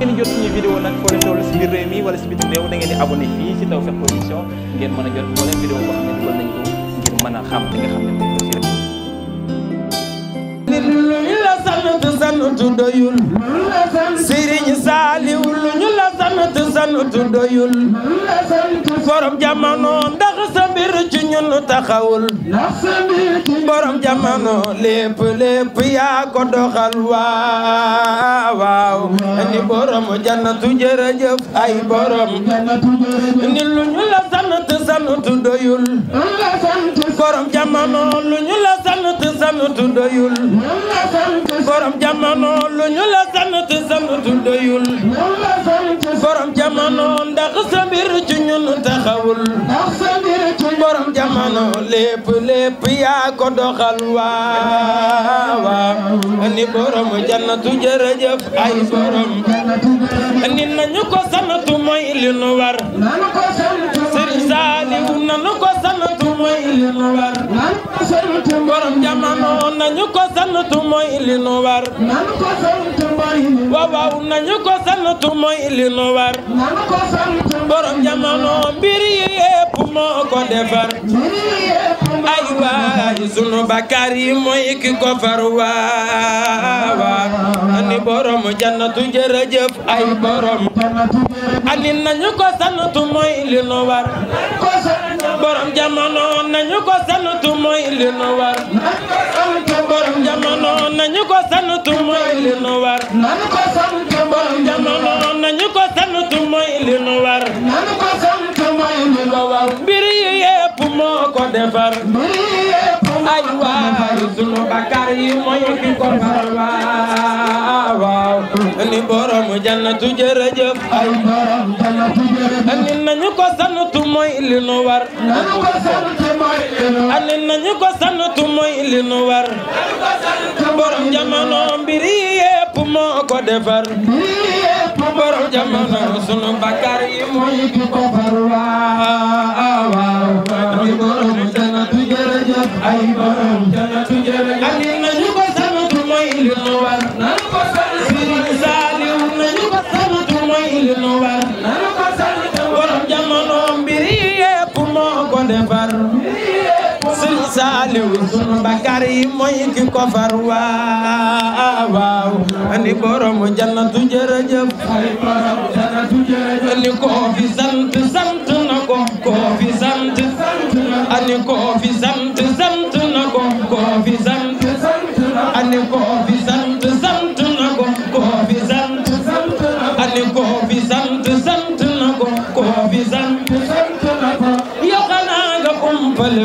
ngeen jot suñu vidéo nag foo leen si biir réew mi si biir réew da ngeen di abonné fii si Tawfekh Production ngeen mën a jot moo leen vidéo boo xam ne dugal nañ ko ngir mën a xam li nga xam ne moom ñu ñu sant sant doyul borom jamono ndax sa mbir ci ñun taxawul borom jamono lépp lépp yaa ko doxal waaw waaw ni borom jannatu jërëjëf ay borom ni lu ñu la sant sant doyul borom jamono lu ñu la sant santu doyul borom jamono lu ñu la sant santu doyul borom jamono ndax sa mbir ci ñun taxawul borom jamono lépp lépp yaa ko doxal waawaa ni borom jannatu jërëjëf ay borom ni nañu ko santu mooy li nu war sëriñ Saaliw nañu ko mooy li nu war nan ko sant borom jamono nañu ko sant mooy li nu war nan ko sant mooy li nu war waaw waaw nañu ko sant mooy li nu war nan ko sant borom jamono mbir yi yépp moo ko defar ay waay sunu bakkaar yi mooy ki ko far waaw ani borom jannatu jërëjëf ay borom ani nañu ko sant mooy li nu war borom jamono nañu ko santu nu war nañu ko santu borom jamono nañu ko santu nu war nañu ko ko santu mooy li nu war ko santu mooy li nu borom bakkaar yi mooy ki ko far waaw waaw ni borom jannatu jërëjëf ay borom jannatu jërëjëf ani nañu ko santu mooy li nu war nañu ko santu mooy li nu war ani nañu ko santu mooy li nu war borom jamono mbiri yépp moo ko defar borom jamono sunu bakkaar yi mooy ki ko far waaw waaw ni borom jannatu jërëjëf ay borom bakar yi mooy ki ko far waaw waaw ani borom jannatu jërëjëf ani ko fi sant sant na ko ko fi sant sant na ko ko fi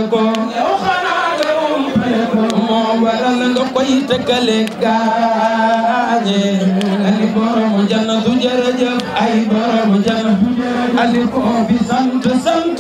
ko koy tëkkale gaañe ali boromu jannatu jërëjëf ay boromu jannatu jërëjëf ali ko bi sant sant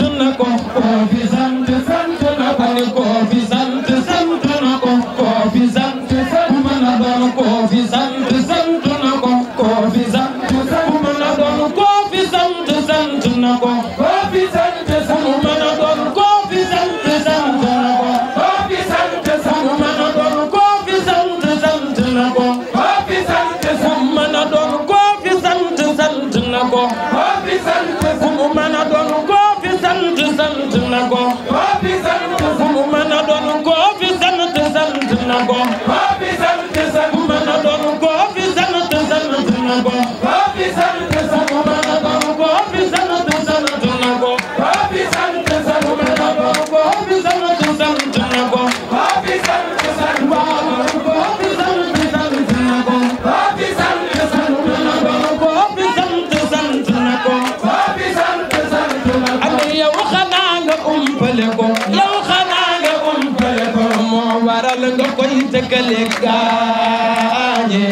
koy tëkkale gaañe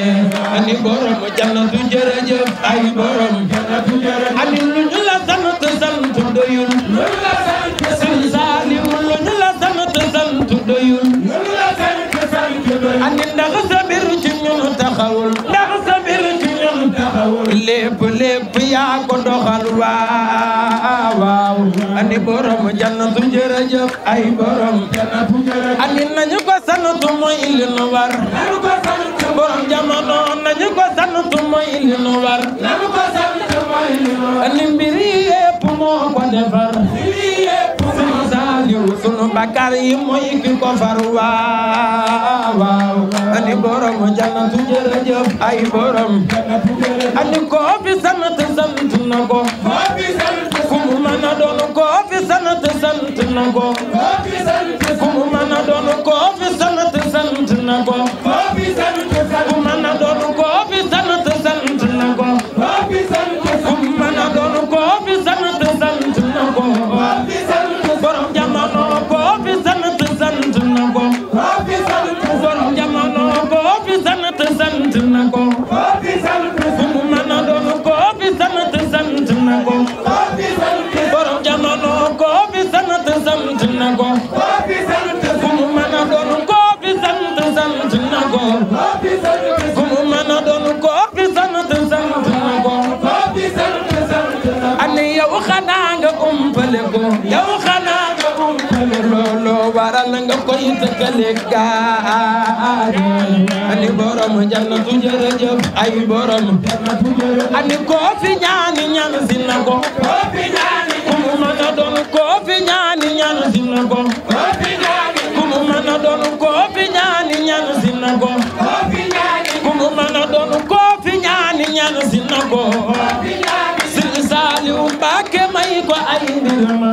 ani borom jannatu jërëjëf ay borom jannatu jërëjëf ani lu ñu la sant sant doyul lu ñu la sant sant saaliw lu ñu la sant sant ani ndax sa mbir ci ñun taxawul yaa ko doxal waaw ani borom jannatu jërëjëf ay borom jannatu jërëjëf ani nañu ko sanatu mooy li nu ani mbiri yépp moo ko defar sunu bakkaar yi na ko yëkkale gaari ani borom jannatu jërëjëf ay borom ani ko fi ñaani ñaan si na ko ko fi ñaani ku mu mën a doon ko fi ñaani ñaan si na ko ko fi ñaani ku mu mën a doon ko fi ñaani ñaan si na ko ko fi ñaani ku mu mën a doon ko fi ñaani ñaan si na ko ko fi ñaani Sëriñ Saliou Mbacké may ko ay ndiram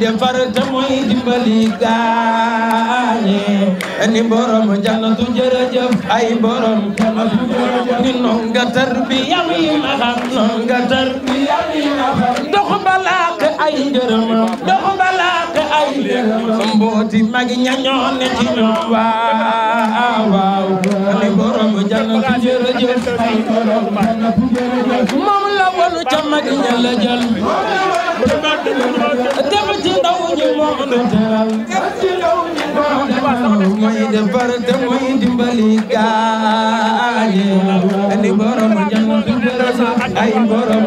defar te mooy dimbali gaañe ni borom jannatu ay borom jannatu jërëjëf ni nonga tarbiya wi ma ay ngërëmam dox balaate ay ngërëmam mbooti magi ñañoo ne ci ñoom waaw waaw ni borom la wonu ca magi ña la jël nu teral mooy defar te mooy dimbali gaañe ani borom jant bërësa ay borom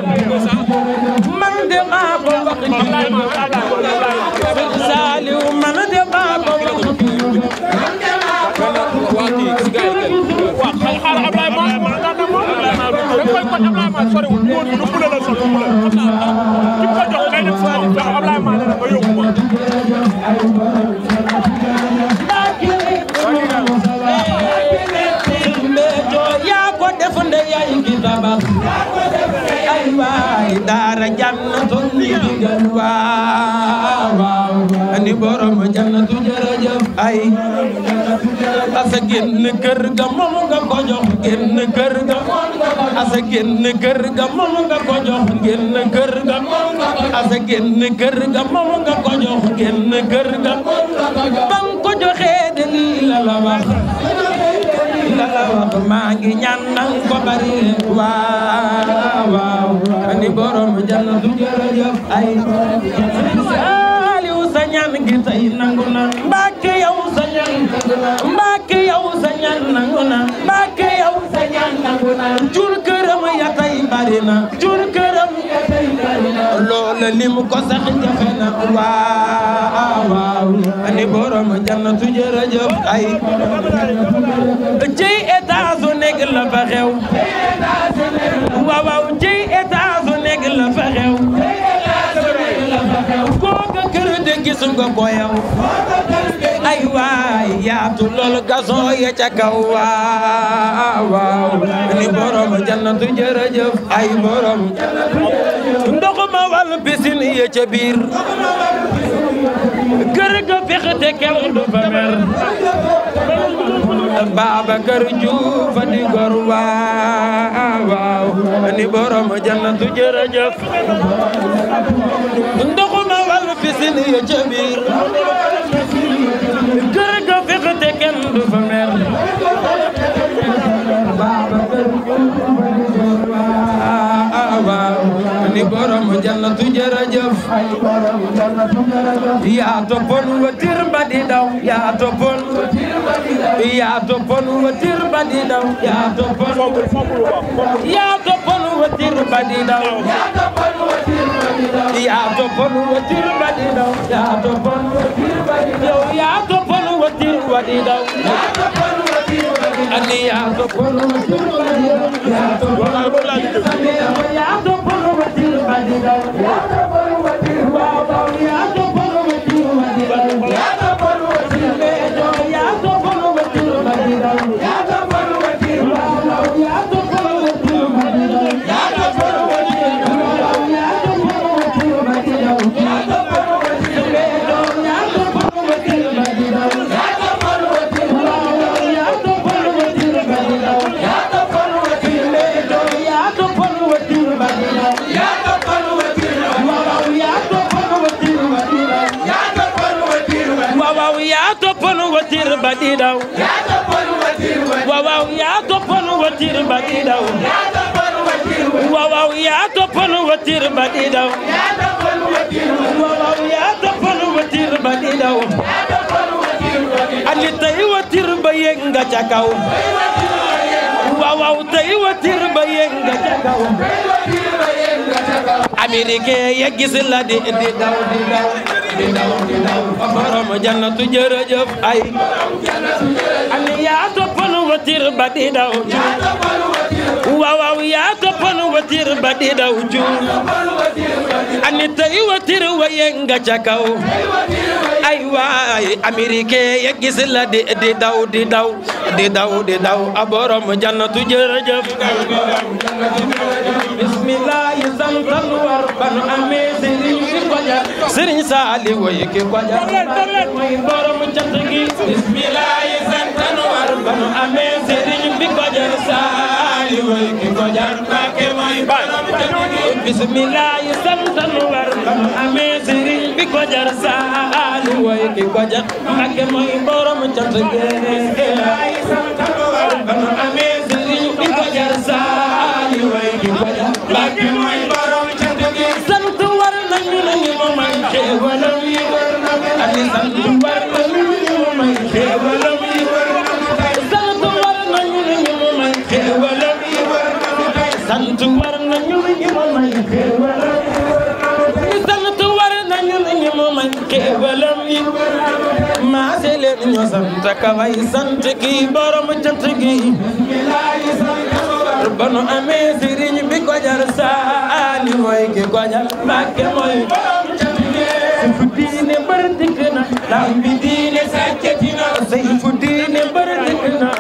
man de maa ko wax saaliw man de maa ko wax Ablaye ma soriwul daara jannatul li digal waaw ani borom jannatu jërëjëf ay asa génn kër ga moom nga ko jox génn kër ga asa génn kër ga moom nga ko jox génn kër ga asa génn kër ga moom nga ko jox génn kër ga bam ko joxee de lii la la wax toog maa ngi ñaan nang ko bari waaw waaw ani borom jannatu jërëjëf ay saaliw sa ñaan gi tey nangu na mbàkke yow sa ñaan mbàkke yow sa ñaan nangu na mbàkke yow sa ñaan nangu na jur këram ya tey bari na jur këram loola lim ko sax jafe na waaw ani borom jannatu jërëjëf ay ay waay yaatu lool gason ay borom ma bisin ya ca biir kër ga fexe te kenn du fa mer Babacar Diouf di gor waaw waaw ni borom jannatu jërëjëf ndoxu na wal bisin ya ca biir kër ga fexe te kenn du fa mer borom jannatu wëtir ba ani yaa toppal watiir badiɗaw wawaw ya toppon watir badiɗaw wawaw ya toppon watir badiɗaw wawaw ya toppon watir badiɗaw andi tay watir ba yenga ca kaw wawaw tay ya gis la di di daw di daw di daw di daw ani yaa toppanu watir wa yenga ca ay waay Amérique ya di daw di daw di daw di daw borom jannatu yi santan war ban amee sëriñ ko jar sëriñ Saaliw yi ki ko jar mooy borom cant gi bismillaahi santanu war banu amee sëriñ bi ko jar ki ko jar Mbàkke mooy borom cant gi bismillaahi banu amee sëriñ bi ko jar ki ko jar Mbàkke mooy borom cant maase leen ñu sant ka way sant ki borom cant gi ba nu amee sëriñ bi ko jar saali mooy ki ko jar Mbàkke mooy borom cant gi fu diine bër dikk na lam bi diine sàccati na fu diine bër dikk na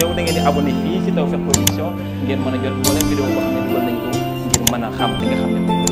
néew da ngeen di abonné fii ci Tawfekh Production a jot moo leen vidéo boo xam ne dugal nañ ko ngir mën a xam li nga xam ne